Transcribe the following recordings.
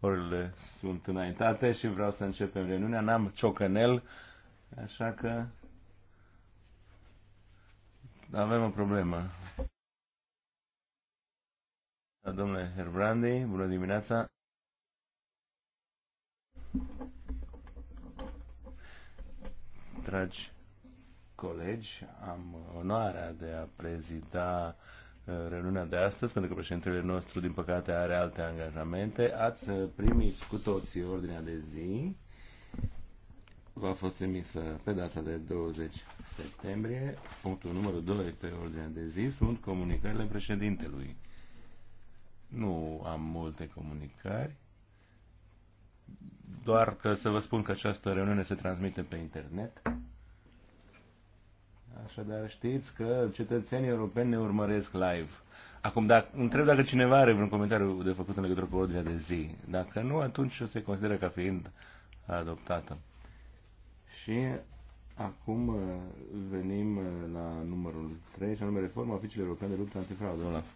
orele sunt înaintate și vreau să începem reuniunea. N-am ciocănel, așa că avem o problemă. Da, domnule Herbrandi, bună dimineața! Dragi colegi, am onoarea de a prezida uh, reuniunea de astăzi, pentru că președintele nostru, din păcate, are alte angajamente. Ați uh, primit cu toții ordinea de zi. V-a fost trimisă pe data de 20 septembrie. Punctul numărul 2 pe ordinea de zi sunt comunicările președintelui. Nu am multe comunicări, doar că să vă spun că această reuniune se transmite pe internet. Așadar știți că cetățenii europeni ne urmăresc live. Acum, dacă, întreb dacă cineva are vreun comentariu de făcut în legătură cu ordinea de zi. Dacă nu, atunci se consideră ca fiind adoptată. Și acum uh, venim uh, la numărul 3, și anume reforma oficiilor europene de luptă antifraudă. Olaf.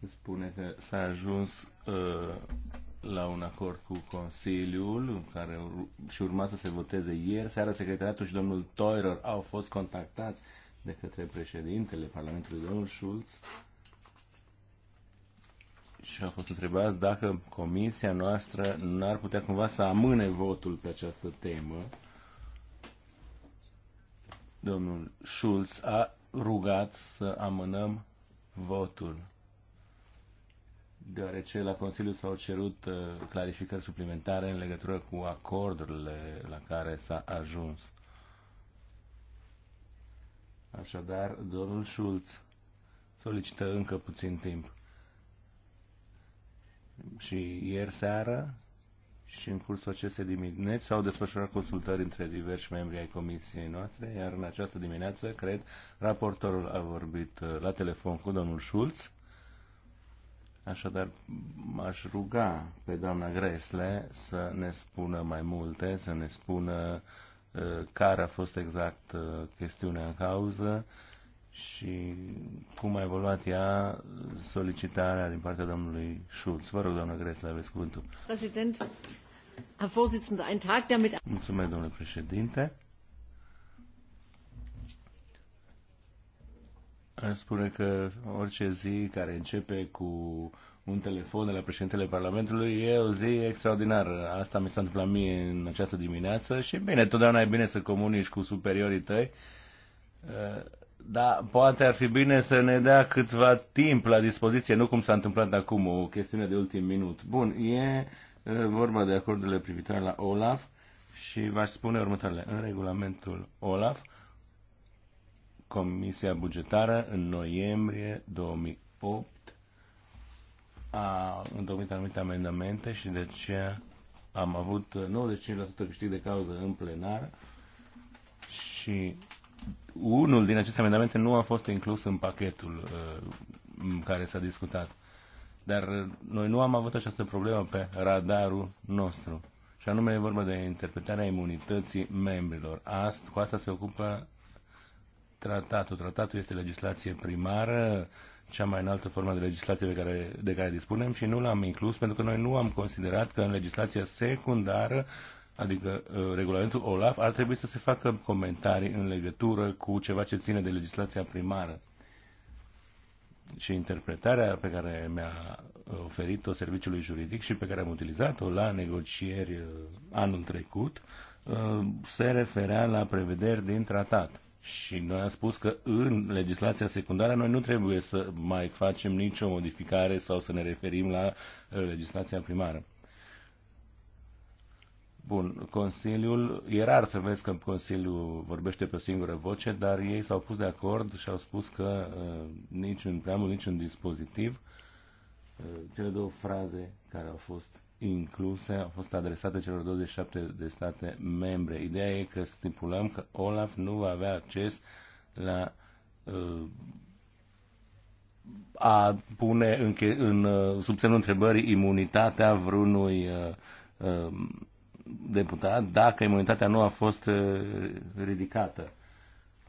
Se spune că s-a ajuns uh, la un acord cu Consiliul care și urma să se voteze ieri seara. Secretariatul și domnul Toirer au fost contactați de către președintele Parlamentului, domnul Schulz, și au fost întrebați dacă comisia noastră n-ar putea cumva să amâne votul pe această temă. Domnul Schulz a rugat să amânăm votul deoarece la Consiliu s-au cerut uh, clarificări suplimentare în legătură cu acordurile la care s-a ajuns. Așadar, domnul Schulz solicită încă puțin timp. Și ieri seară și în cursul acestei dimineți s-au desfășurat consultări între diversi membri ai comisiei noastre, iar în această dimineață, cred, raportorul a vorbit uh, la telefon cu domnul Schulz Așadar, aș ruga pe doamna Gresle să ne spună mai multe, să ne spună uh, care a fost exact uh, chestiunea în cauză și cum a evoluat ea solicitarea din partea domnului Schulz. Vă rog, doamna Gresle, aveți cuvântul. Președinte, Herr Vorsitzender, un Tag, der Mulțumesc, domnule președinte. Aș spune că orice zi care începe cu un telefon de la președintele Parlamentului e o zi extraordinară. Asta mi s-a întâmplat mie în această dimineață și bine, totdeauna e bine să comunici cu superiorii tăi, uh, dar poate ar fi bine să ne dea câtva timp la dispoziție, nu cum s-a întâmplat acum, o chestiune de ultim minut. Bun, e uh, vorba de acordurile privitoare la OLAF și v-aș spune următoarele. În regulamentul OLAF, Comisia Bugetară în noiembrie 2008 a întocmit anumite amendamente și de ce am avut 95% câștig de cauză în plenar și unul din aceste amendamente nu a fost inclus în pachetul uh, în care s-a discutat. Dar noi nu am avut această problemă pe radarul nostru. Și anume e vorba de interpretarea imunității membrilor. Ast, cu asta se ocupă tratatul. Tratatul este legislație primară, cea mai înaltă formă de legislație pe care, de care dispunem și nu l-am inclus pentru că noi nu am considerat că în legislația secundară, adică uh, regulamentul OLAF, ar trebui să se facă comentarii în legătură cu ceva ce ține de legislația primară. Și interpretarea pe care mi-a uh, oferit-o serviciului juridic și pe care am utilizat-o la negocieri uh, anul trecut se referea la prevederi din tratat. Și noi am spus că în legislația secundară noi nu trebuie să mai facem nicio modificare sau să ne referim la uh, legislația primară. Bun, Consiliul, e rar să vezi că Consiliul vorbește pe o singură voce, dar ei s-au pus de acord și au spus că uh, niciun în preamul, niciun dispozitiv, uh, cele două fraze care au fost incluse au fost adresate celor 27 de state membre. Ideea e că stipulăm că Olaf nu va avea acces la uh, a pune în, în uh, sub întrebării imunitatea vreunui uh, uh, deputat dacă imunitatea nu a fost uh, ridicată.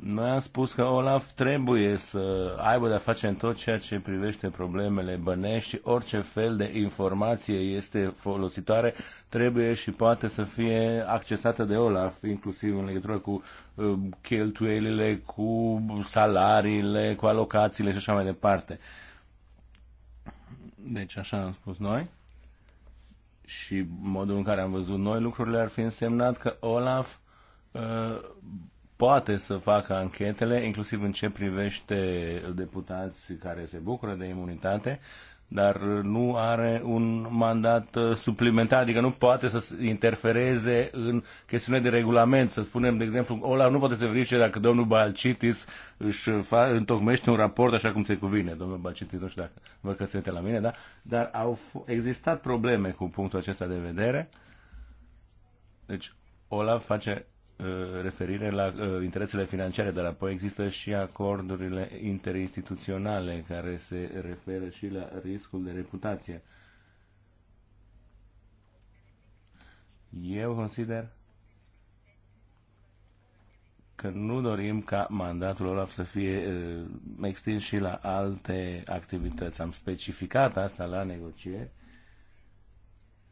Noi am spus că Olaf trebuie să aibă de-a face în tot ceea ce privește problemele bănești orice fel de informație este folositoare trebuie și poate să fie accesată de Olaf, inclusiv în legătură cu uh, cheltuielile, cu salariile, cu alocațiile și așa mai departe. Deci așa am spus noi și modul în care am văzut noi lucrurile ar fi însemnat că Olaf uh, poate să facă anchetele, inclusiv în ce privește deputați care se bucură de imunitate, dar nu are un mandat uh, suplimentar, adică nu poate să interfereze în chestiune de regulament. Să spunem, de exemplu, Ola nu poate să verifice dacă domnul Balcitis își fa- întocmește un raport așa cum se cuvine. Domnul Balcitis, nu știu dacă vă că se uite la mine, da? dar au existat probleme cu punctul acesta de vedere. Deci, Olaf face Uh, referire la uh, interesele financiare, dar apoi există și acordurile interinstituționale care se referă și la riscul de reputație. Eu consider că nu dorim ca mandatul Olaf să fie uh, extins și la alte activități. Am specificat asta la negocieri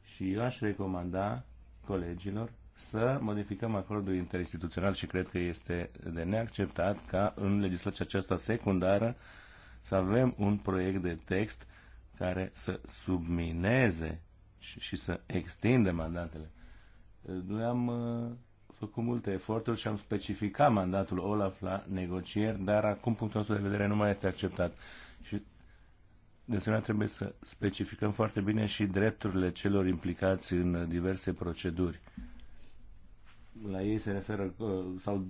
și eu aș recomanda colegilor să modificăm acordul interinstituțional și cred că este de neacceptat ca în legislația aceasta secundară să avem un proiect de text care să submineze și, și să extinde mandatele. Noi am uh, făcut multe eforturi și am specificat mandatul Olaf la negocieri, dar acum punctul nostru de vedere nu mai este acceptat. Și de asemenea trebuie să specificăm foarte bine și drepturile celor implicați în diverse proceduri la ei se referă uh, sau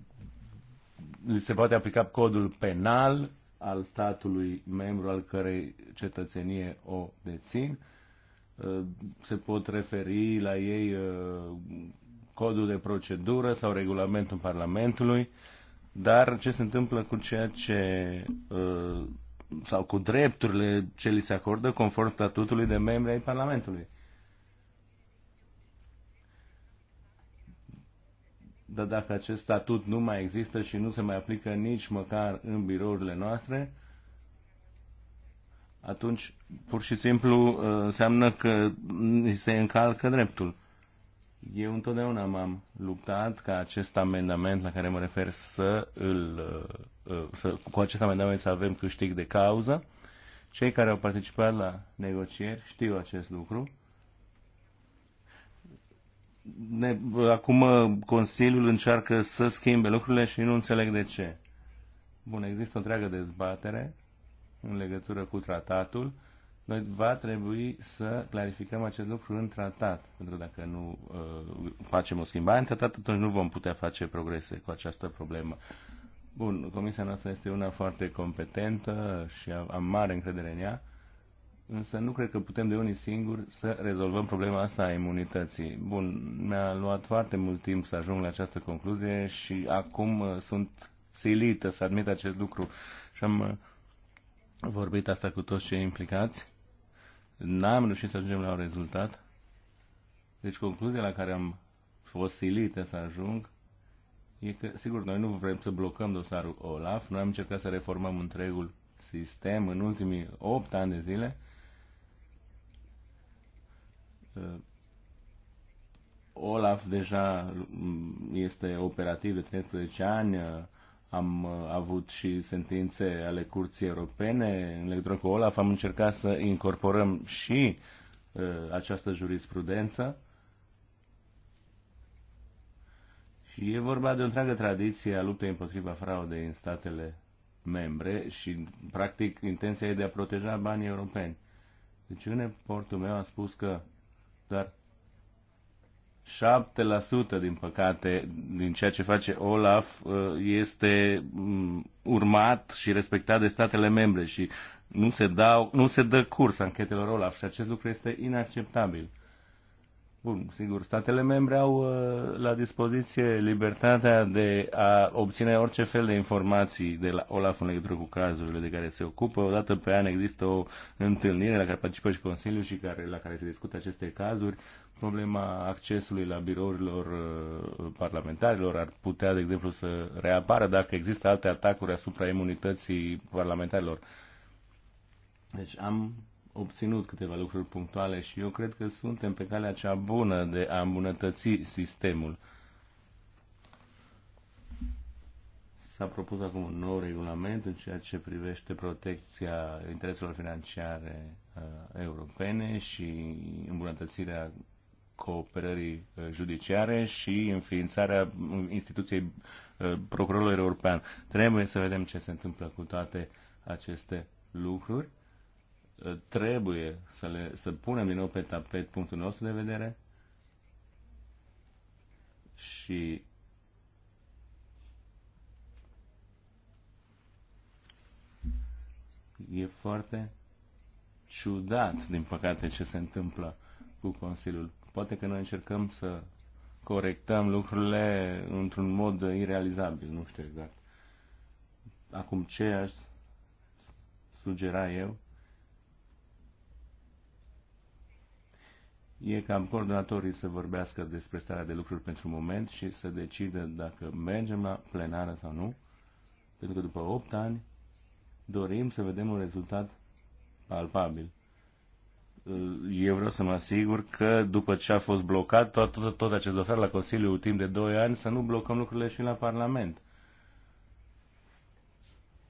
se poate aplica codul penal al statului membru al cărei cetățenie o dețin. Uh, se pot referi la ei uh, codul de procedură sau regulamentul Parlamentului, dar ce se întâmplă cu ceea ce sau cu drepturile ce li se acordă conform statutului de membri ai Parlamentului? dar dacă acest statut nu mai există și nu se mai aplică nici măcar în birourile noastre, atunci pur și simplu uh, înseamnă că se încalcă dreptul. Eu întotdeauna m-am luptat ca acest amendament la care mă refer să îl, uh, uh, să, cu acest amendament să avem câștig de cauză. Cei care au participat la negocieri știu acest lucru ne, acum uh, Consiliul încearcă să schimbe lucrurile și nu înțeleg de ce. Bun, există o întreagă dezbatere în legătură cu tratatul. Noi va trebui să clarificăm acest lucru în tratat, pentru că dacă nu uh, facem o schimbare în tratat, atunci nu vom putea face progrese cu această problemă. Bun, comisia noastră este una foarte competentă și am mare încredere în ea însă nu cred că putem de unii singuri să rezolvăm problema asta a imunității. Bun, mi-a luat foarte mult timp să ajung la această concluzie și acum uh, sunt silită să admit acest lucru și am uh, vorbit asta cu toți cei implicați. N-am reușit să ajungem la un rezultat. Deci concluzia la care am fost silită să ajung e că, sigur, noi nu vrem să blocăm dosarul OLAF, noi am încercat să reformăm întregul sistem în ultimii 8 ani de zile Uh, Olaf deja mm, este operativ de 13 ani, uh, am uh, avut și sentințe ale Curții Europene în legătură cu Olaf, am încercat să incorporăm și această jurisprudență. Și e vorba de o întreagă tradiție a luptei împotriva fraudei în statele membre și, practic, intenția e de a proteja banii europeni. Deci, în portul meu a spus că doar 7% din păcate din ceea ce face Olaf uh, este mm, urmat și respectat de statele membre și nu se, dau, nu se dă curs anchetelor Olaf și acest lucru este inacceptabil. Bun, sigur, statele membre au uh, la dispoziție libertatea de a obține orice fel de informații de la OLAF în legătură cu cazurile de care se ocupă. Odată pe an există o întâlnire la care participă și Consiliul și care, la care se discută aceste cazuri. Problema accesului la birourilor uh, parlamentarilor ar putea, de exemplu, să reapară dacă există alte atacuri asupra imunității parlamentarilor. Deci am obținut câteva lucruri punctuale și eu cred că suntem pe calea cea bună de a îmbunătăți sistemul. S-a propus acum un nou regulament în ceea ce privește protecția intereselor financiare uh, europene și îmbunătățirea cooperării uh, judiciare și înființarea instituției uh, procurorului european. Trebuie să vedem ce se întâmplă cu toate aceste lucruri Uh, trebuie să, le, să punem din nou pe tapet punctul nostru de vedere și e foarte ciudat, din păcate, ce se întâmplă cu Consiliul. Poate că noi încercăm să corectăm lucrurile într-un mod irealizabil, nu știu exact. Acum ce aș sugera eu e ca coordonatorii să vorbească despre starea de lucruri pentru moment și să decidă dacă mergem la plenară sau nu, pentru că după 8 ani dorim să vedem un rezultat palpabil. Eu vreau să mă asigur că după ce a fost blocat tot, tot, tot acest dosar la Consiliu timp de 2 ani, să nu blocăm lucrurile și la Parlament.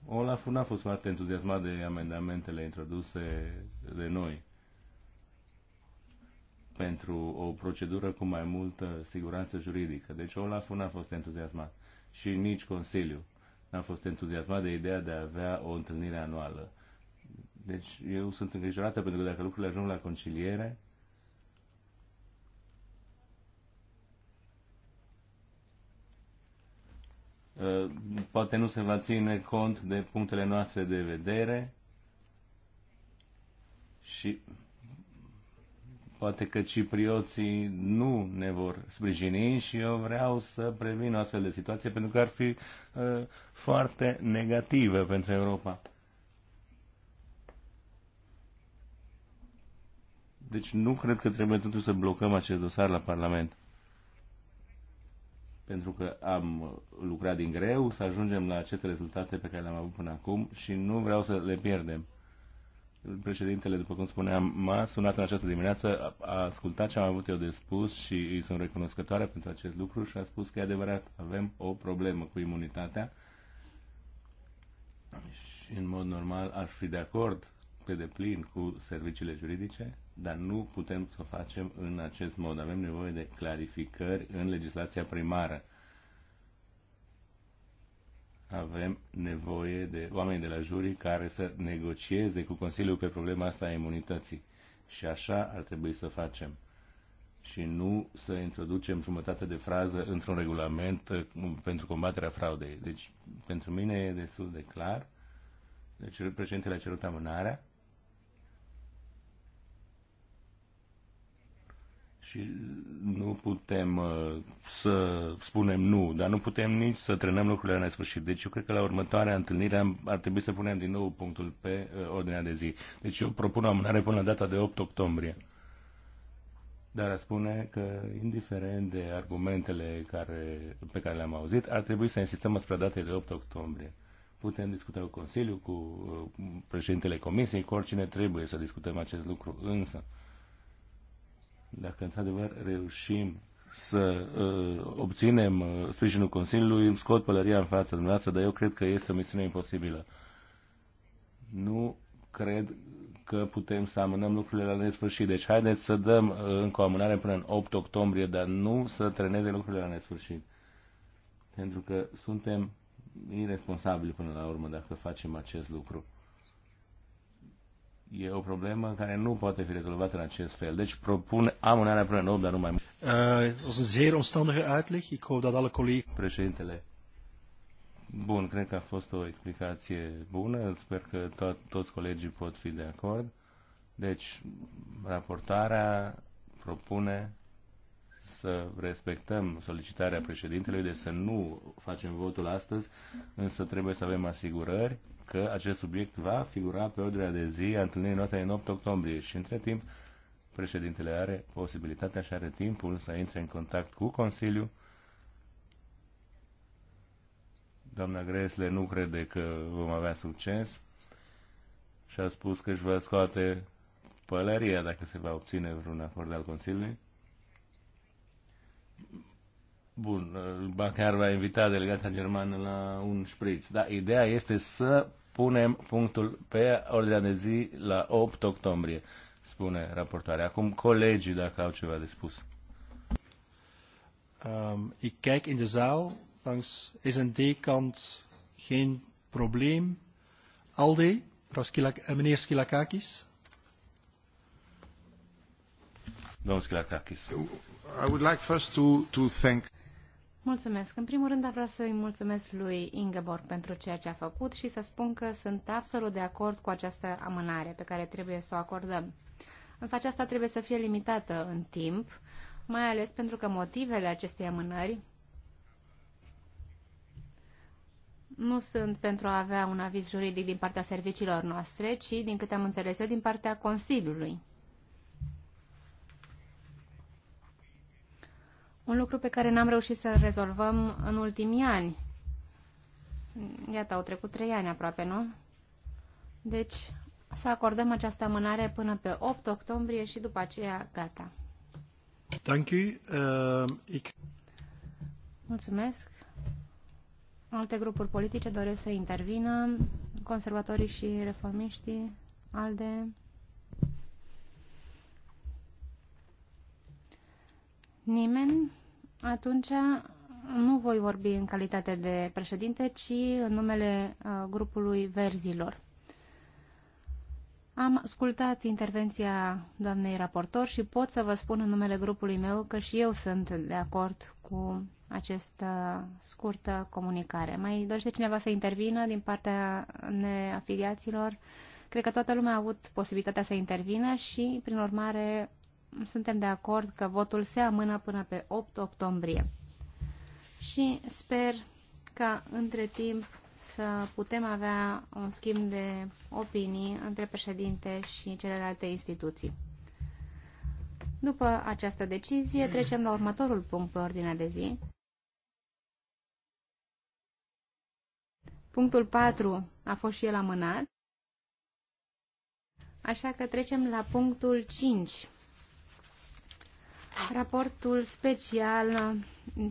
Olaf nu a fost foarte entuziasmat de amendamentele introduse de noi pentru o procedură cu mai multă siguranță juridică. Deci Olaf nu a fost entuziasmat și nici consiliu n-a fost entuziasmat de ideea de a avea o întâlnire anuală. Deci eu sunt îngrijorată pentru că dacă lucrurile ajung la conciliere, uh, poate nu se va ține cont de punctele noastre de vedere și Poate că ciprioții nu ne vor sprijini și eu vreau să previn o astfel de situație pentru că ar fi uh, foarte negativă pentru Europa. Deci nu cred că trebuie totuși să blocăm acest dosar la Parlament. Pentru că am lucrat din greu să ajungem la aceste rezultate pe care le-am avut până acum și nu vreau să le pierdem. Președintele, după cum spuneam, m-a sunat în această dimineață, a ascultat ce am avut eu de spus și îi sunt recunoscătoare pentru acest lucru și a spus că e adevărat, avem o problemă cu imunitatea și în mod normal aș fi de acord pe deplin cu serviciile juridice, dar nu putem să o facem în acest mod. Avem nevoie de clarificări în legislația primară avem nevoie de oameni de la jurii care să negocieze cu Consiliul pe problema asta a imunității. Și așa ar trebui să facem. Și nu să introducem jumătate de frază într-un regulament uh, pentru combaterea fraudei. Deci, pentru mine e destul de clar. Deci, președintele a cerut amânarea și nu putem uh, să spunem nu, dar nu putem nici să trenăm lucrurile la nesfârșit. Deci eu cred că la următoarea întâlnire ar trebui să punem din nou punctul pe uh, ordinea de zi. Deci eu propun o amânare până la data de 8 octombrie. Dar a spune că, indiferent de argumentele care, pe care le-am auzit, ar trebui să insistăm asupra datei de 8 octombrie. Putem discuta cu Consiliul, cu uh, președintele Comisiei, cu oricine trebuie să discutăm acest lucru, însă dacă într-adevăr reușim să uh, obținem uh, sprijinul Consiliului, îmi scot pălăria în fața dumneavoastră, dar eu cred că este o misiune imposibilă. Nu cred că putem să amânăm lucrurile la nesfârșit. Deci haideți să dăm uh, încă o amânare până în 8 octombrie, dar nu să treneze lucrurile la nesfârșit. Pentru că suntem irresponsabili până la urmă dacă facem acest lucru e o problemă care nu poate fi rezolvată în acest fel. Deci propun amânarea până în 8, dar nu mai mult. Uh, eh, was een zeer omstandige uitleg. Ik hoop dat alle Președintele, bun, cred că a fost o explicație bună. Sper că to- toți colegii pot fi de acord. Deci, raportarea propune să respectăm solicitarea președintelui de să nu facem votul astăzi, însă trebuie să avem asigurări că acest subiect va figura pe ordinea de zi a întâlnirii noastre în 8 octombrie și între timp președintele are posibilitatea și are timpul să intre în contact cu Consiliul. Doamna Gresle nu crede că vom avea succes și a spus că își va scoate pălăria dacă se va obține vreun acord al Consiliului. Bun, Bacar va invita delegația germană la un șpriț, dar ideea este să punem punctul pe ordinea de zi la 8 octombrie, spune raportarea. Acum colegii dacă au ceva de spus. Um, ik kijk in de zaal, langs S&D kant geen probleem. Alde, eh, meneer Skilakakis. Domnul Skilakakis. I would like first to, to thank Mulțumesc. În primul rând, vreau să-i mulțumesc lui Ingeborg pentru ceea ce a făcut și să spun că sunt absolut de acord cu această amânare pe care trebuie să o acordăm. Însă aceasta trebuie să fie limitată în timp, mai ales pentru că motivele acestei amânări nu sunt pentru a avea un aviz juridic din partea serviciilor noastre, ci, din câte am înțeles eu, din partea Consiliului. Un lucru pe care n-am reușit să-l rezolvăm în ultimii ani. Iată, au trecut trei ani aproape, nu? Deci, să acordăm această amânare până pe 8 octombrie și după aceea gata. Thank you. Uh, ik... Mulțumesc. Alte grupuri politice doresc să intervină. Conservatorii și reformiștii, ALDE. nimeni, atunci nu voi vorbi în calitate de președinte, ci în numele uh, grupului Verzilor. Am ascultat intervenția doamnei raportor și pot să vă spun în numele grupului meu că și eu sunt de acord cu această scurtă comunicare. Mai dorește cineva să intervină din partea neafiliaților? Cred că toată lumea a avut posibilitatea să intervină și, prin urmare, suntem de acord că votul se amână până pe 8 octombrie. Și sper ca între timp să putem avea un schimb de opinii între președinte și celelalte instituții. După această decizie, trecem la următorul punct pe ordinea de zi. Punctul 4 a fost și el amânat, așa că trecem la punctul 5. Raportul special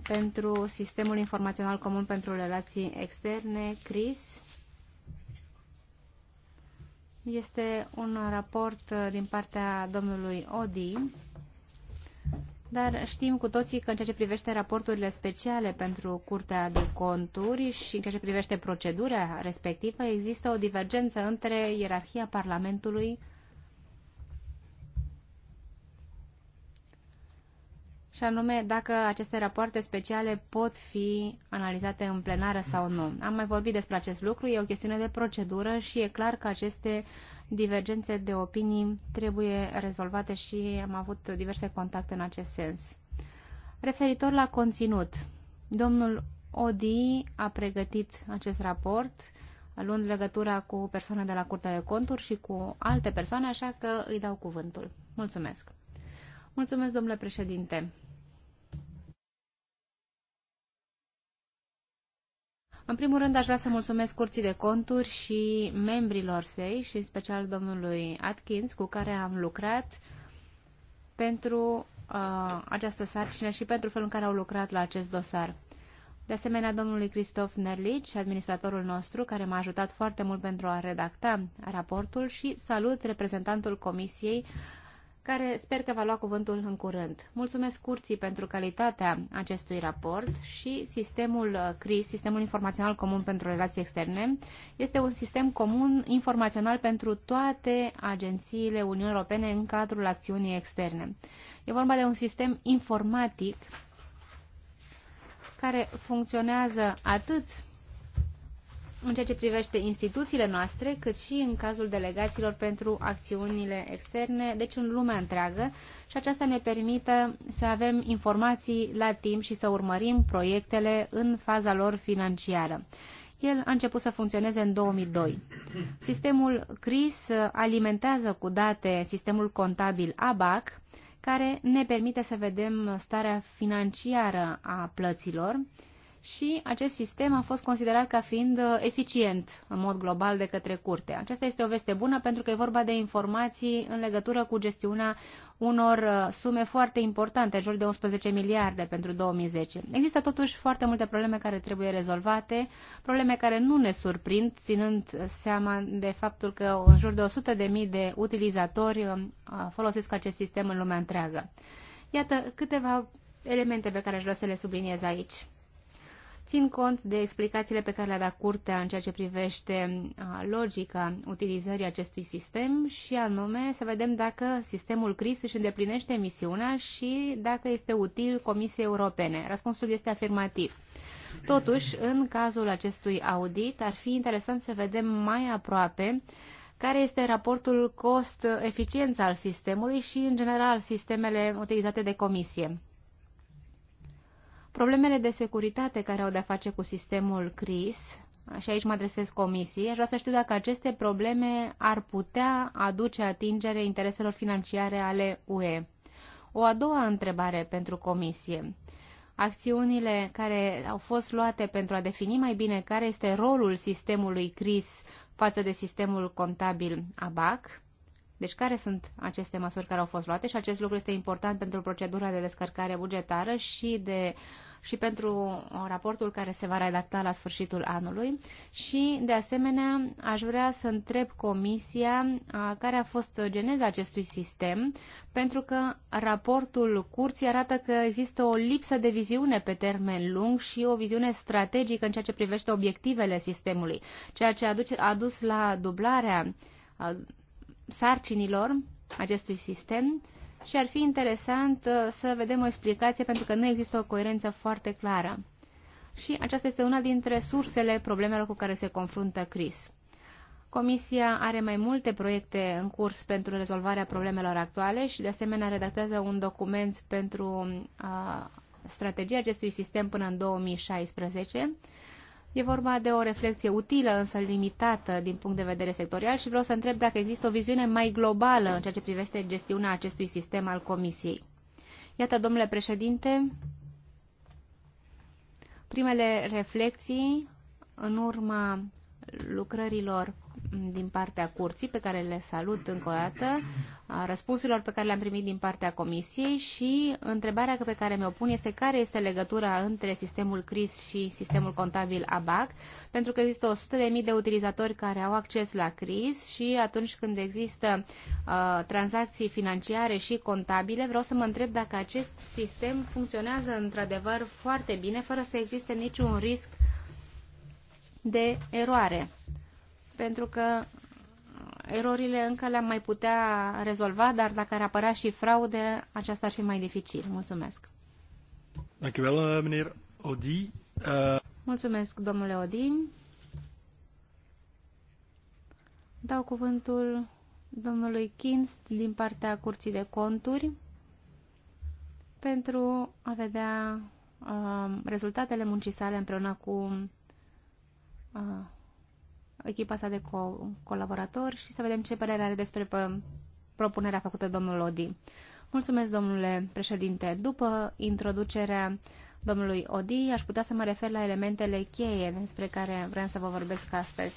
pentru Sistemul Informațional Comun pentru Relații Externe, CRIS, este un raport din partea domnului Odi, dar știm cu toții că în ceea ce privește raporturile speciale pentru Curtea de Conturi și în ceea ce privește procedura respectivă, există o divergență între ierarhia Parlamentului și anume dacă aceste rapoarte speciale pot fi analizate în plenară sau nu. Am mai vorbit despre acest lucru, e o chestiune de procedură și e clar că aceste divergențe de opinii trebuie rezolvate și am avut diverse contacte în acest sens. Referitor la conținut, domnul Odi a pregătit acest raport luând legătura cu persoane de la Curtea de Conturi și cu alte persoane, așa că îi dau cuvântul. Mulțumesc! Mulțumesc, domnule președinte! În primul rând, aș vrea să mulțumesc Curții de Conturi și membrilor săi, și în special domnului Atkins, cu care am lucrat pentru uh, această sarcină și pentru felul în care au lucrat la acest dosar. De asemenea, domnului Cristof Nerlich, administratorul nostru, care m-a ajutat foarte mult pentru a redacta raportul și salut reprezentantul Comisiei uh, care sper că va lua cuvântul în curând. Mulțumesc curții pentru calitatea acestui raport și sistemul uh, CRIS, Sistemul Informațional Comun pentru Relații Externe, este un sistem comun informațional pentru toate agențiile Uniunii Europene în cadrul acțiunii externe. E vorba de un sistem informatic care funcționează atât în ceea ce privește instituțiile noastre, cât și în cazul delegațiilor pentru acțiunile externe, deci în lumea întreagă, și aceasta ne permite să avem informații la timp și să urmărim proiectele în faza lor financiară. El a început să funcționeze în 2002. Sistemul CRIS alimentează cu date sistemul contabil ABAC, care ne permite să vedem starea financiară a plăților, și acest sistem a fost considerat ca fiind uh, eficient în mod global de către curte. Aceasta este o veste bună pentru că e vorba de informații în legătură cu gestiunea unor uh, sume foarte importante, în jur de 11 miliarde pentru 2010. Există totuși foarte multe probleme care trebuie rezolvate, probleme care nu ne surprind, ținând seama de faptul că în jur de 100 de, mii de utilizatori um, folosesc acest sistem în lumea întreagă. Iată câteva elemente pe care aș vrea să le subliniez aici țin cont de explicațiile pe care le-a dat curtea în ceea ce privește logica utilizării acestui sistem și anume să vedem dacă sistemul CRIS își îndeplinește misiunea și dacă este util Comisiei Europene. Răspunsul este afirmativ. Totuși, în cazul acestui audit, ar fi interesant să vedem mai aproape care este raportul cost-eficiență al sistemului și, în general, sistemele utilizate de comisie. Problemele de securitate care au de-a face cu sistemul CRIS, și aici mă adresez comisiei, aș vrea să știu dacă aceste probleme ar putea aduce atingere intereselor financiare ale UE. O a doua întrebare pentru comisie. Acțiunile care au fost luate pentru a defini mai bine care este rolul sistemului CRIS față de sistemul contabil ABAC, deci care sunt aceste măsuri care au fost luate și acest lucru este important pentru procedura de descărcare bugetară și de uh, și pentru uh, raportul care se va redacta la sfârșitul anului și, de asemenea, aș vrea să întreb Comisia uh, care a fost geneza acestui sistem, pentru că raportul curții arată că există o lipsă de viziune pe termen lung și o viziune strategică în ceea ce privește obiectivele sistemului, ceea ce aduce, a dus la dublarea uh, sarcinilor acestui sistem și ar fi interesant uh, să vedem o explicație pentru că nu există o coerență foarte clară. Și aceasta este una dintre sursele problemelor cu care se confruntă CRIS. Comisia are mai multe proiecte în curs pentru rezolvarea problemelor actuale și de asemenea redactează un document pentru uh, strategia acestui sistem până în 2016 E vorba de o reflexie utilă, însă limitată din punct de vedere sectorial și vreau să întreb dacă există o viziune mai globală în ceea ce privește gestiunea acestui sistem al Comisiei. Iată, domnule președinte, primele reflexii în urma lucrărilor din partea curții, pe care le salut încă o dată, a răspunsurilor pe care le-am primit din partea comisiei și întrebarea pe care mi-o pun este care este legătura între sistemul CRIS și sistemul contabil ABAC, pentru că există 100.000 de utilizatori care au acces la CRIS și atunci când există uh, tranzacții financiare și contabile, vreau să mă întreb dacă acest sistem funcționează într-adevăr foarte bine, fără să existe niciun risc de eroare pentru că erorile încă le-am mai putea rezolva, dar dacă ar apărea și fraude, aceasta ar fi mai dificil. Mulțumesc. Odi. Eh, eh, Mulțumesc, domnule Odi. Dau cuvântul domnului Kinst din partea Curții de Conturi pentru a vedea uh, rezultatele muncii sale împreună cu uh, echipa sa de co- colaboratori și să vedem ce părere are despre propunerea făcută domnul Odi. Mulțumesc, domnule președinte. După introducerea domnului Odi, aș putea să mă refer la elementele cheie despre care vreau să vă vorbesc astăzi.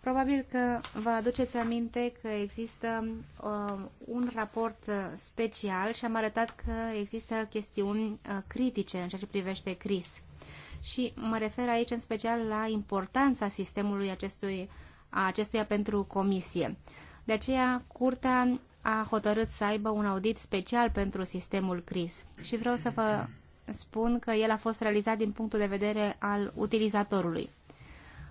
Probabil că vă aduceți aminte că există uh, un raport special și am arătat că există chestiuni uh, critice în ceea ce privește CRIS și mă refer aici în special la importanța sistemului acestui, a acestuia pentru comisie. De aceea, Curtea a hotărât să aibă un audit special pentru sistemul CRIS și vreau să vă spun că el a fost realizat din punctul de vedere al utilizatorului.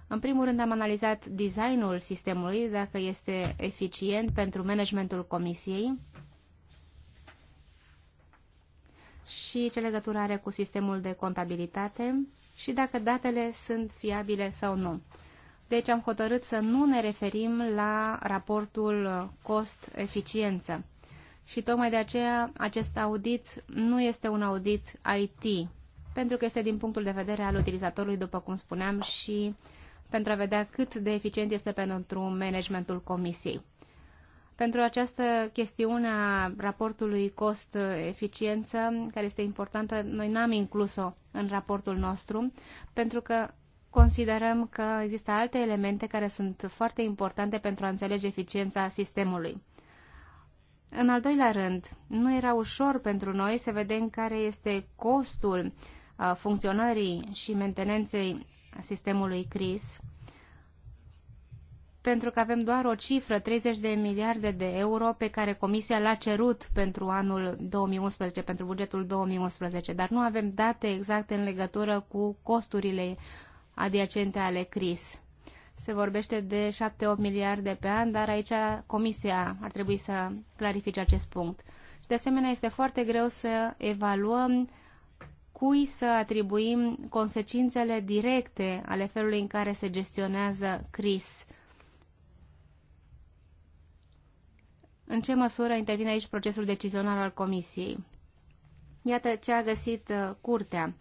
În primul rând am analizat designul sistemului, dacă este eficient pentru managementul comisiei, și ce legătură are cu sistemul de contabilitate și dacă datele sunt fiabile sau nu. Deci am hotărât să nu ne referim la raportul cost-eficiență. Și tocmai de aceea acest audit nu este un audit IT, pentru că este din punctul de vedere al utilizatorului, după cum spuneam, și pentru a vedea cât de eficient este pentru managementul comisiei pentru această chestiune a raportului cost-eficiență, care este importantă, noi n-am inclus-o în raportul nostru, pentru că considerăm că există alte elemente care sunt foarte importante pentru a înțelege eficiența sistemului. În al doilea rând, nu era ușor pentru noi să vedem care este costul uh, funcționării și mentenenței sistemului CRIS, pentru că avem doar o cifră, 30 de miliarde de euro, pe care Comisia l-a cerut pentru anul 2011, pentru bugetul 2011, dar nu avem date exacte în legătură cu costurile adiacente ale CRIS. Se vorbește de 7-8 miliarde pe an, dar aici Comisia ar trebui să clarifice acest punct. Și de asemenea este foarte greu să evaluăm cui să atribuim consecințele directe ale felului în care se gestionează CRIS – în ce măsură intervine aici procesul decizional al Comisiei. Iată ce a găsit uh, Curtea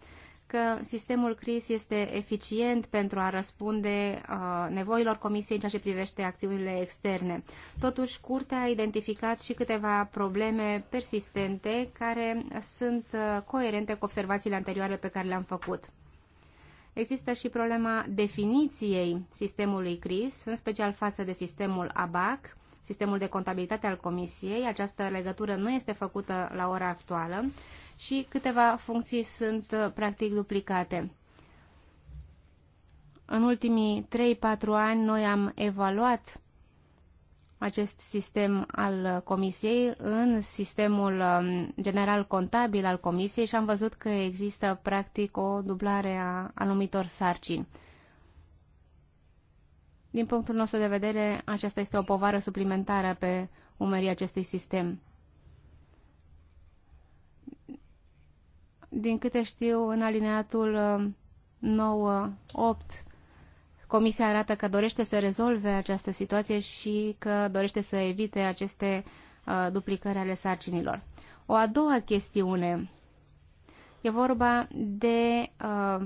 că sistemul CRIS este eficient pentru a răspunde uh, nevoilor Comisiei în ceea ce privește acțiunile externe. Totuși, Curtea a identificat și câteva probleme persistente care sunt uh, coerente cu observațiile anterioare pe care le-am făcut. Există și problema definiției sistemului CRIS, în special față de sistemul ABAC, sistemul de contabilitate al Comisiei. Această legătură nu este făcută la ora actuală și câteva funcții sunt uh, practic duplicate. În ultimii 3-4 ani noi am evaluat acest sistem al uh, Comisiei în sistemul um, general contabil al Comisiei și am văzut că există practic o dublare a anumitor sarcini. Din punctul nostru de vedere, aceasta este o povară suplimentară pe umerii acestui sistem. Din câte știu, în alineatul 9-8, uh, uh, Comisia arată că dorește să rezolve această situație și că dorește să evite aceste uh, duplicări ale sarcinilor. O a doua chestiune e vorba de uh,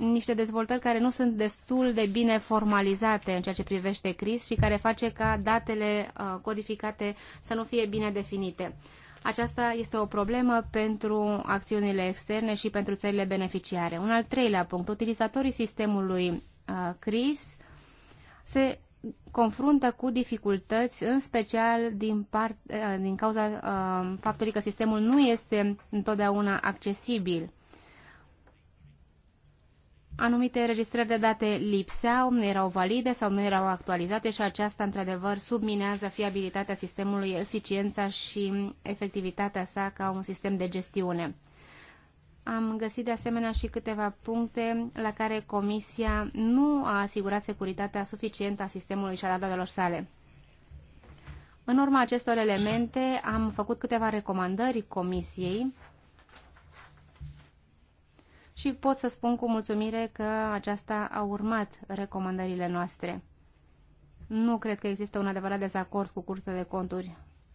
niște dezvoltări care nu sunt destul de bine formalizate în ceea ce privește CRIS și care face ca datele uh, codificate să nu fie bine definite. Aceasta este o problemă pentru acțiunile externe și pentru țările beneficiare. Un al treilea punct, utilizatorii sistemului uh, CRIS se confruntă cu dificultăți, în special din, part, uh, din cauza faptului că sistemul nu este întotdeauna accesibil anumite registrări de date lipseau, nu erau valide sau nu erau actualizate și aceasta, într-adevăr, subminează fiabilitatea sistemului, eficiența și efectivitatea sa ca un sistem de gestiune. Am găsit de asemenea și câteva puncte la care Comisia nu a asigurat securitatea suficientă a sistemului și a datelor sale. În urma acestor elemente am făcut câteva recomandări Comisiei și pot să spun cu mulțumire că aceasta a urmat recomandările noastre. Nu cred că există un adevărat dezacord cu Curtea de Conturi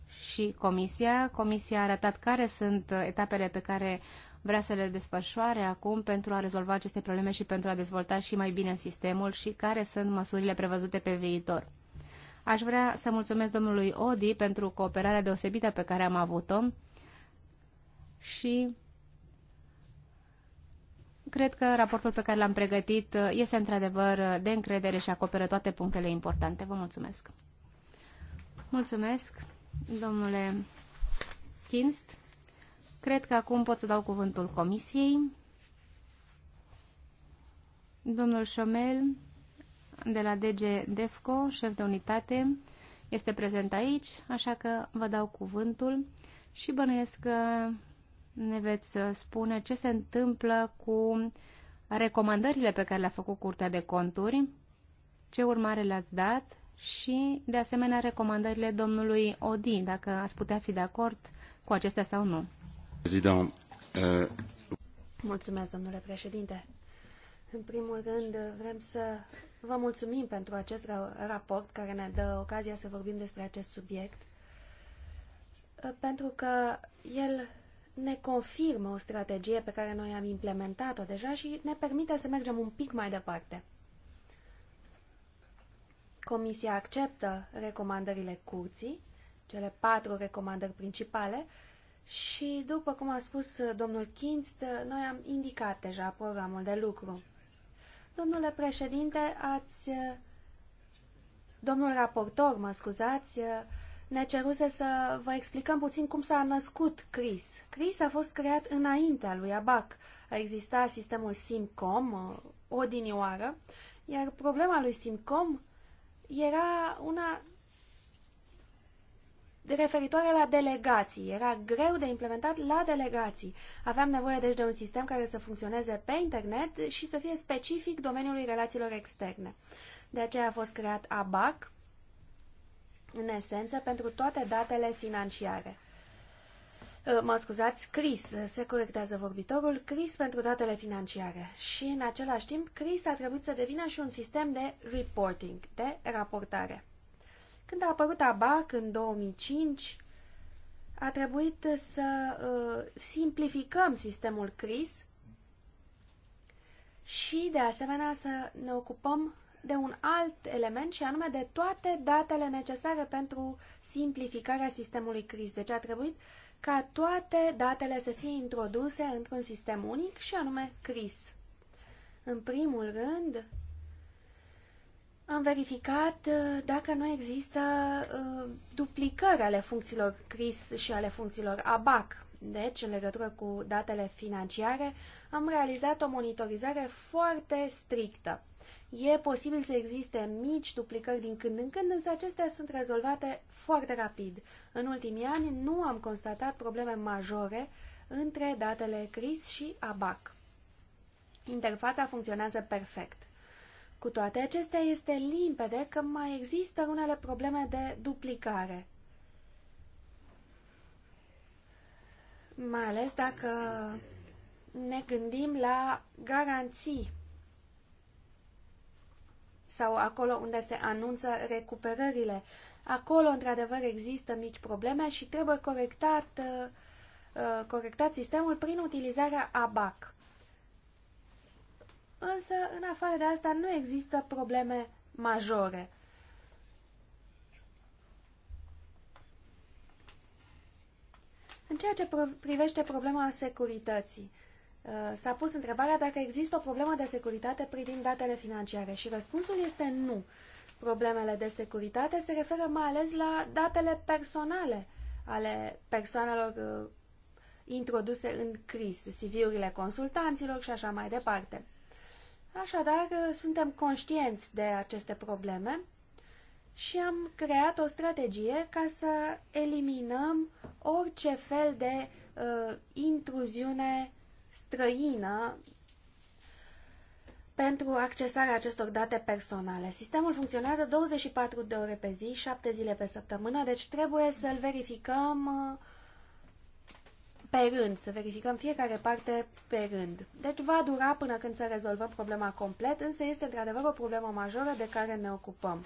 și Comisia. Comisia a arătat care sunt etapele pe care vrea să le desfășoare acum pentru a rezolva aceste probleme și pentru a dezvolta și mai bine sistemul și care sunt măsurile prevăzute pe viitor. Aș vrea să mulțumesc domnului Odi pentru cooperarea deosebită pe care am avut-o și cred că raportul pe care l-am pregătit uh, este într-adevăr uh, de încredere și acoperă toate punctele importante. Vă mulțumesc! Mulțumesc, domnule Kinst. Cred că acum pot să dau cuvântul comisiei. Domnul Șomel, de la DG DEFCO, șef de unitate, este prezent aici, așa că vă dau cuvântul și bănuiesc că ne veți uh, spune ce se întâmplă cu recomandările pe care le-a făcut Curtea de Conturi, ce urmare le-ați dat și, de asemenea, recomandările domnului Odi, dacă ați putea fi de acord cu acestea sau nu. Prezident, uh... Mulțumesc, domnule președinte. În primul rând, vrem să vă mulțumim pentru acest raport care ne dă ocazia să vorbim despre acest subiect, uh, pentru că el ne confirmă o strategie pe care noi am implementat-o deja și ne permite să mergem un pic mai departe. Comisia acceptă recomandările curții, cele patru recomandări principale, și, după cum a spus domnul Kinst, noi am indicat deja programul de lucru. Domnule președinte, ați... Domnul raportor, mă scuzați, ne ceruse să vă explicăm puțin cum s-a născut CRIS. CRIS a fost creat înaintea lui ABAC. existat sistemul SIMCOM, uh, o dinioară, iar problema lui SIMCOM era una referitoare la delegații. Era greu de implementat la delegații. Aveam nevoie deci de un sistem care să funcționeze pe internet și să fie specific domeniului relațiilor externe. De aceea a fost creat ABAC, în esență, pentru toate datele financiare. Uh, mă scuzați, CRIS, uh, se corectează vorbitorul, CRIS pentru datele financiare. Și în același timp, CRIS a trebuit să devină și un sistem de reporting, de raportare. Când a apărut ABAC în 2005, a trebuit să uh, simplificăm sistemul CRIS și, de asemenea, să ne ocupăm de un alt element și anume de toate datele necesare pentru simplificarea sistemului CRIS. Deci a trebuit ca toate datele să fie introduse într-un sistem unic și anume CRIS. În primul rând, am verificat uh, dacă nu există uh, duplicări ale funcțiilor CRIS și ale funcțiilor ABAC. Deci, în legătură cu datele financiare, am realizat o monitorizare foarte strictă. E posibil să existe mici duplicări din când în când, însă acestea sunt rezolvate foarte rapid. În ultimii ani nu am constatat probleme majore între datele CRIS și ABAC. Interfața funcționează perfect. Cu toate acestea, este limpede că mai există unele probleme de duplicare. Mai ales dacă ne gândim la garanții sau acolo unde se anunță recuperările. Acolo, într-adevăr, există mici probleme și trebuie corectat, uh, uh, corectat sistemul prin utilizarea ABAC. Însă, în afară de asta, nu există probleme majore. În ceea ce privește problema securității, Uh, s-a pus întrebarea dacă există o problemă de securitate privind datele financiare și răspunsul este nu. Problemele de securitate se referă mai ales la datele personale ale persoanelor uh, introduse în CRIS, CV-urile consultanților și așa mai departe. Așadar, uh, suntem conștienți de aceste probleme și am creat o strategie ca să eliminăm orice fel de uh, intruziune străină pentru accesarea acestor date personale. Sistemul funcționează 24 de ore pe zi, 7 zile pe săptămână, deci trebuie să-l verificăm uh, pe rând, să verificăm fiecare parte pe rând. Deci va dura până când să rezolvăm problema complet, însă este într-adevăr o problemă majoră de care ne ocupăm.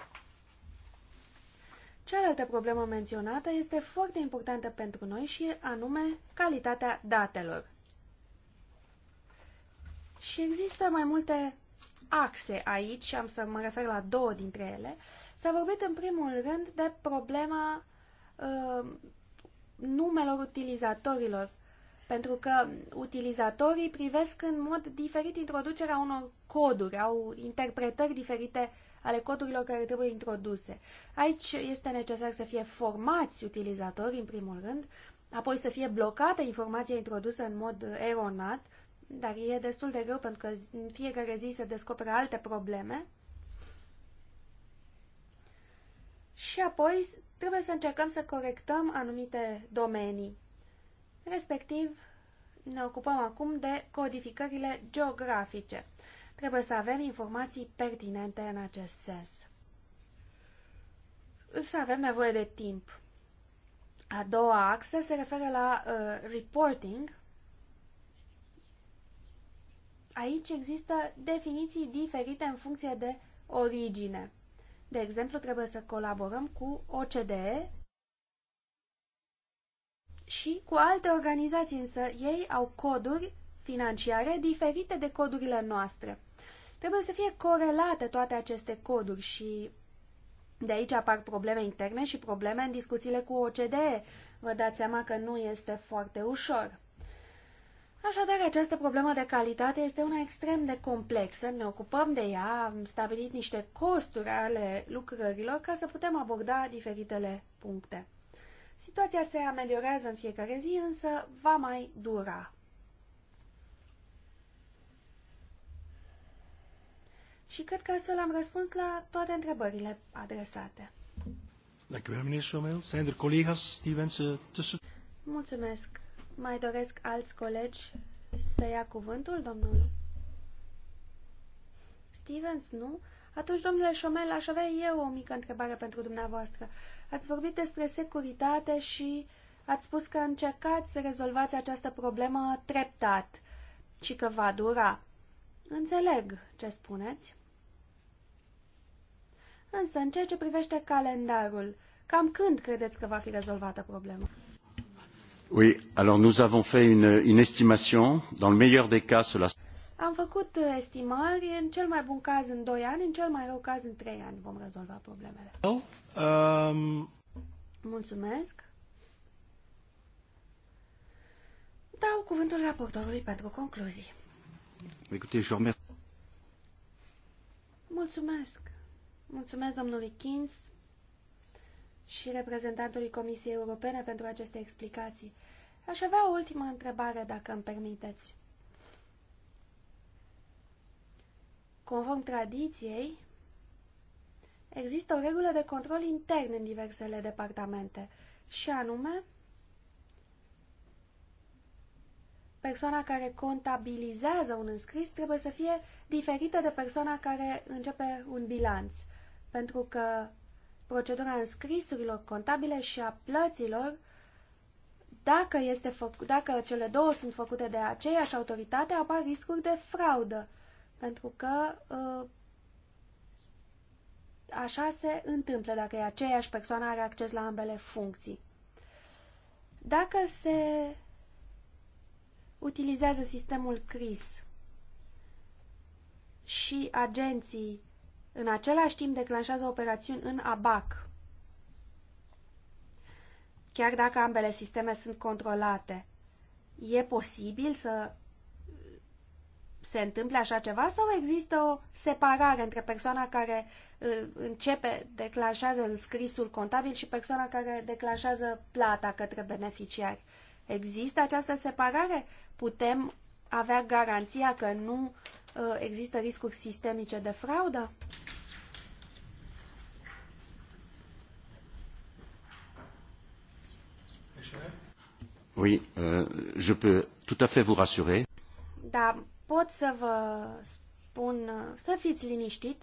Cealaltă problemă menționată este foarte importantă pentru noi și anume calitatea datelor. Și există mai multe axe aici și am să mă refer la două dintre ele. S-a vorbit în primul rând de problema uh, numelor utilizatorilor, pentru că utilizatorii privesc în mod diferit introducerea unor coduri, au interpretări diferite ale codurilor care trebuie introduse. Aici este necesar să fie formați utilizatorii, în primul rând, apoi să fie blocată informația introdusă în mod eronat, dar e destul de greu pentru că în fiecare zi se descoperă alte probleme. Și apoi trebuie să încercăm să corectăm anumite domenii. Respectiv, ne ocupăm acum de codificările geografice. Trebuie să avem informații pertinente în acest sens. Însă avem nevoie de timp. A doua axă se referă la uh, reporting, aici există definiții diferite în funcție de origine. De exemplu, trebuie să colaborăm cu OCDE și cu alte organizații, însă ei au coduri financiare diferite de codurile noastre. Trebuie să fie corelate toate aceste coduri și de aici apar probleme interne și probleme în discuțiile cu OCDE. Vă dați seama că nu este foarte ușor. Așadar, această problemă de calitate este una extrem de complexă, ne ocupăm de ea, am stabilit niște costuri ale lucrărilor ca să putem aborda diferitele puncte. Situația se ameliorează în fiecare zi, însă va mai dura. Și cred că astfel am răspuns la toate întrebările adresate. Er Mulțumesc. Mai doresc alți colegi să ia cuvântul, domnul? Stevens, nu? Atunci, domnule Șomel, aș avea eu o mică întrebare pentru dumneavoastră. Ați vorbit despre securitate și ați spus că încercați să rezolvați această problemă treptat și că va dura. Înțeleg ce spuneți. Însă, în ceea ce privește calendarul, cam când credeți că va fi rezolvată problema? nous avons fait une, estimation. Dans le meilleur des cas, cela... Am făcut uh, estimări, în cel mai bun caz în 2 ani, în cel mai rău caz în 3 ani vom rezolva problemele. Well, um... Mulțumesc. Dau cuvântul raportorului pentru concluzii. Écoutez, je remercie. Mulțumesc. Mulțumesc domnului Kins și reprezentantului Comisiei Europene pentru aceste explicații. Aș avea o ultimă întrebare, dacă îmi permiteți. Conform tradiției, există o regulă de control intern în diversele departamente, și anume persoana care contabilizează un înscris trebuie să fie diferită de persoana care începe un bilanț, pentru că procedura înscrisurilor contabile și a plăților, dacă, este făc, dacă cele două sunt făcute de aceeași autoritate, apar riscuri de fraudă, pentru că ă, așa se întâmplă dacă e aceeași persoană are acces la ambele funcții. Dacă se utilizează sistemul CRIS și agenții în același timp declanșează operațiuni în ABAC, chiar dacă ambele sisteme sunt controlate. E posibil să se întâmple așa ceva sau există o separare între persoana care uh, începe, declanșează scrisul contabil și persoana care declanșează plata către beneficiari? Există această separare? Putem avea garanția că nu uh, există riscuri sistemice de fraudă? Oui, euh, je peux tout à fait vous rassurer. Da, pot să vă spun, uh, să fiți liniștit,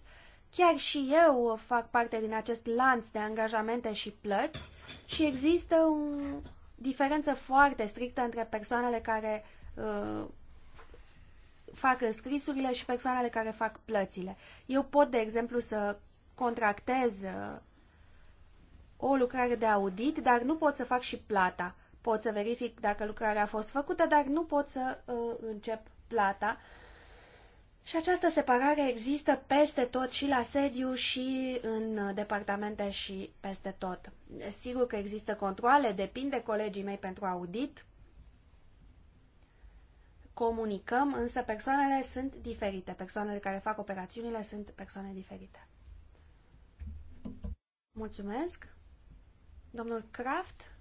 chiar și eu fac parte din acest lanț de angajamente și plăți și există o diferență foarte strictă între persoanele care uh, fac scrisurile și persoanele care fac plățile. Eu pot, de exemplu, să contractez uh, o lucrare de audit, dar nu pot să fac și plata. Pot să verific dacă lucrarea a fost făcută, dar nu pot să uh, încep plata. Și această separare există peste tot și la sediu și în departamente și peste tot. Sigur că există controle, depinde colegii mei pentru audit, comunicăm, însă persoanele sunt diferite. Persoanele care fac operațiunile sunt persoane diferite. Mulțumesc. Domnul Kraft,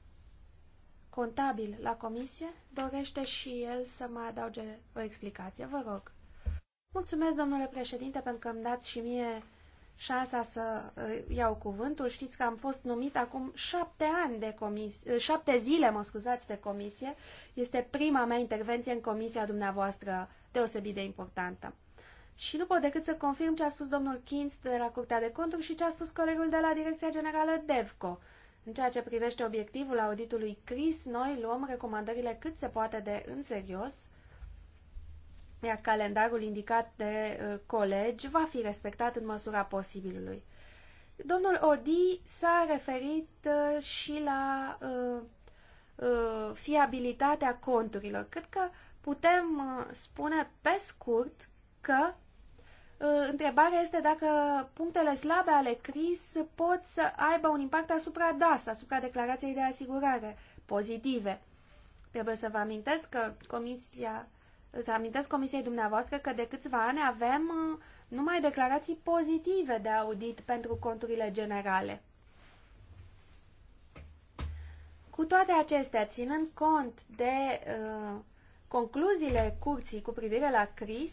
contabil la comisie, dorește și el să mai adauge o explicație. Vă rog. Mulțumesc, domnule președinte, pentru că îmi dați și mie șansa să uh, iau cuvântul. Știți că am fost numit acum șapte ani de comisie, uh, șapte zile, mă scuzați, de comisie. Este prima mea intervenție în comisia dumneavoastră deosebit de importantă. Și nu pot decât să confirm ce a spus domnul Kins de la Curtea de Conturi și ce a spus colegul de la Direcția Generală DEVCO. În ceea ce privește obiectivul auditului CRIS, noi luăm recomandările cât se poate de în serios iar calendarul indicat de uh, colegi va fi respectat în măsura posibilului. Domnul Odi s-a referit uh, și la uh, fiabilitatea conturilor. Cred că putem spune pe scurt că întrebarea este dacă punctele slabe ale CRIS pot să aibă un impact asupra DAS, asupra declarației de asigurare pozitive. Trebuie să vă amintesc că Comisia Îți amintesc comisiei dumneavoastră că de câțiva ani avem uh, numai declarații pozitive de audit pentru conturile generale. Cu toate acestea, ținând cont de uh, concluziile curții cu privire la CRIS,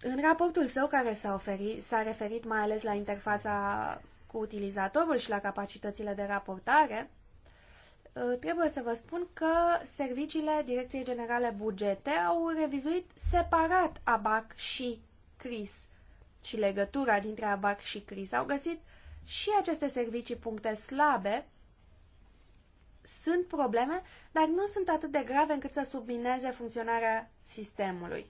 în raportul său care s-a, oferit, s-a referit mai ales la interfața cu utilizatorul și la capacitățile de raportare, Uh, trebuie să vă spun că serviciile Direcției Generale Bugete au revizuit separat ABAC și CRIS și legătura dintre ABAC și CRIS. Au găsit și aceste servicii puncte slabe, sunt probleme, dar nu sunt atât de grave încât să submineze funcționarea sistemului.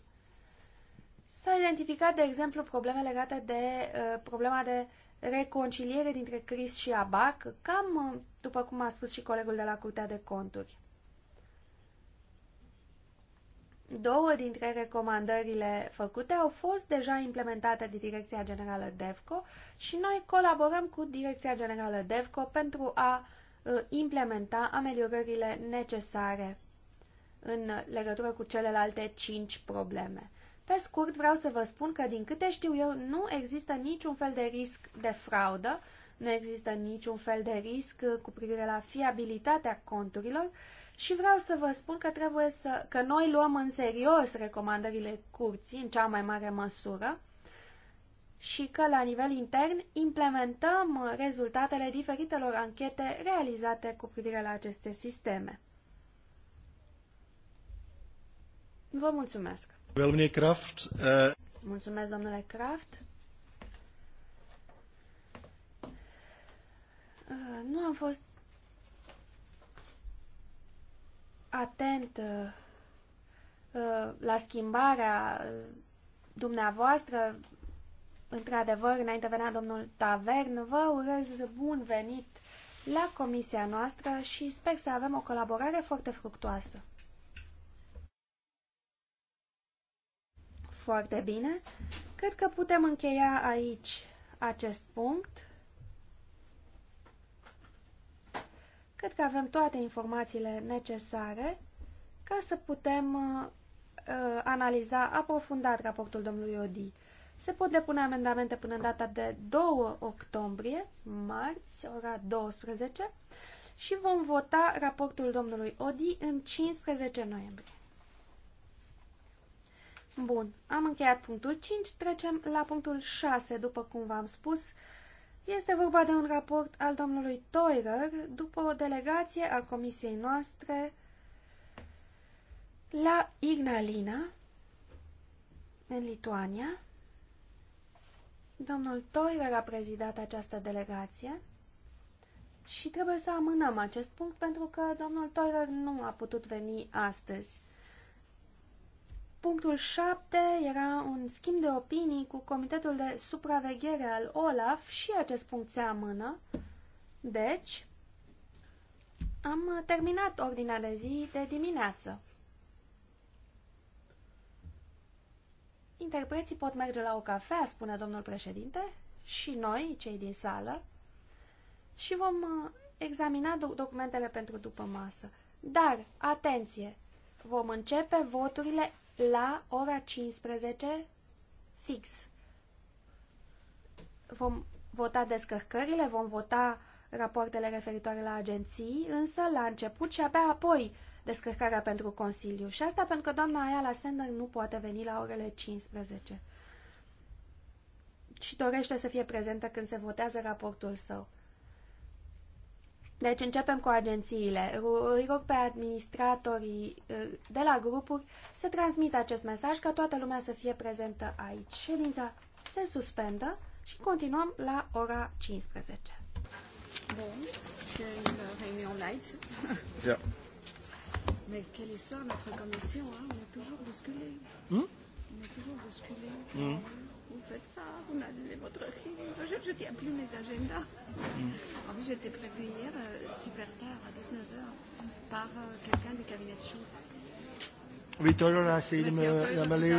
S-au identificat, de exemplu, probleme legate de uh, problema de uh, reconciliere dintre CRIS și ABAC, cam uh, după cum a spus și colegul de la Curtea de Conturi. Două dintre recomandările făcute au fost deja implementate de Direcția Generală DEVCO și noi colaborăm cu Direcția Generală DEVCO pentru a uh, implementa ameliorările necesare în legătură cu celelalte cinci probleme. Pe scurt, vreau să vă spun că, din câte știu eu, nu există niciun fel de risc de fraudă, nu există niciun fel de risc uh, cu privire la fiabilitatea conturilor și vreau să vă spun că trebuie să că noi luăm în serios recomandările curții în cea mai mare măsură și că la nivel intern implementăm uh, rezultatele diferitelor anchete realizate cu privire la aceste sisteme. Vă mulțumesc! Eh, Mulțumesc, domnule Kraft. Eh, nu am fost atent eh, la schimbarea dumneavoastră. Într-adevăr, înainte venea domnul Tavern, vă urez bun venit la comisia noastră și sper să avem o colaborare foarte fructuoasă. Foarte bine. Cred că putem încheia aici acest punct. Cred că avem toate informațiile necesare ca să putem uh, uh analiza aprofundat raportul domnului Odi. Se pot depune amendamente până în data de 2 octombrie, marți, ora 12, și vom vota raportul domnului Odi în 15 noiembrie. Bun, am încheiat punctul 5, trecem la punctul 6, după cum v-am spus. Este vorba de un raport al domnului Toirer, după o delegație a comisiei noastre la Ignalina, în Lituania. Domnul Toirer a prezidat această delegație și trebuie să amânăm acest punct pentru că domnul Toirer nu a putut veni astăzi. Punctul 7 era un schimb de opinii cu Comitetul de Supraveghere al OLAF și acest punct se amână. Deci, am terminat ordinea de zi de dimineață. Interpreții pot merge la o cafea, spune domnul președinte, și noi, cei din sală, și vom uh, examina documentele pentru după masă. Dar, atenție, vom începe voturile la ora 15 fix. Vom vota descărcările, vom vota rapoartele referitoare la agenții, însă la început și abia apoi descărcarea pentru Consiliu. Și asta pentru că doamna la Sender nu poate veni la orele 15 și dorește să fie prezentă când se votează raportul său. Deci începem cu agențiile. Îi rog pe administratorii uh, de la grupuri să transmită acest mesaj ca toată lumea să fie prezentă aici. Ședința se suspendă și continuăm la ora 15. Bon, c'est une réunion light. Yeah. Da. Mais quelle histoire, notre commission, hein? on est toujours bousculé. Hmm? On est toujours bousculé. Hmm faites ça, vous n'allez votre Je, je tiens plus mes agendas. Mm. En fait, j'étais prévue hier euh, super tard, à 19h, par euh, quelqu'un du cabinet de Schultz. Oui, tout à l'heure, c'est Malé.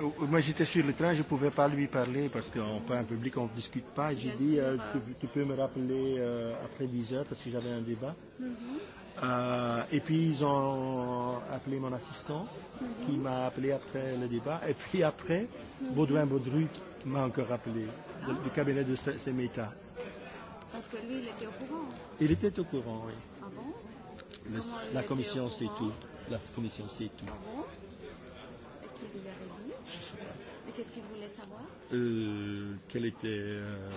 Euh, moi, j'étais sur le train, je ne pouvais pas lui parler parce parle en public, on ne discute pas. J'ai dit, euh, euh, tu, tu peux me rappeler euh, après 10 heures parce que j'avais un débat. Mm -hmm. Euh, et puis ils ont appelé mon assistant, mm-hmm. qui m'a appelé après le débat. Et puis après, mm-hmm. Baudouin Baudru m'a encore appelé de, ah. du cabinet de Semeta. Parce que lui, il était au courant. Il était au courant, oui. Ah bon le, La commission sait tout. La commission sait tout. Ah bon Et qu'est-ce qu'il avait dit Je sais pas. Et qu'est-ce qu'il voulait savoir euh, Quel était. Euh,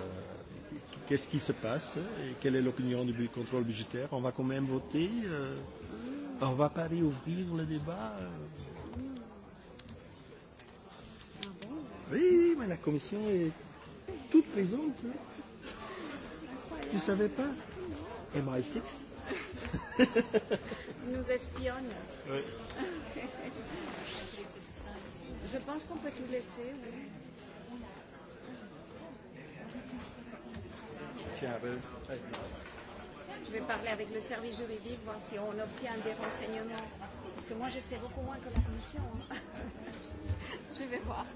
qu'est-ce qui se passe et quelle est l'opinion du contrôle budgétaire. On va quand même voter. Euh, on ne va pas réouvrir le débat. Euh. Oui, oui, mais la commission est toute présente. Tu ne savais pas MI6 Nous espionne. Oui. Je pense qu'on peut tout laisser, oui. Je vais parler avec le service juridique, voir si on obtient des renseignements. Parce que moi, je sais beaucoup moins que la commission. Hein. je vais voir.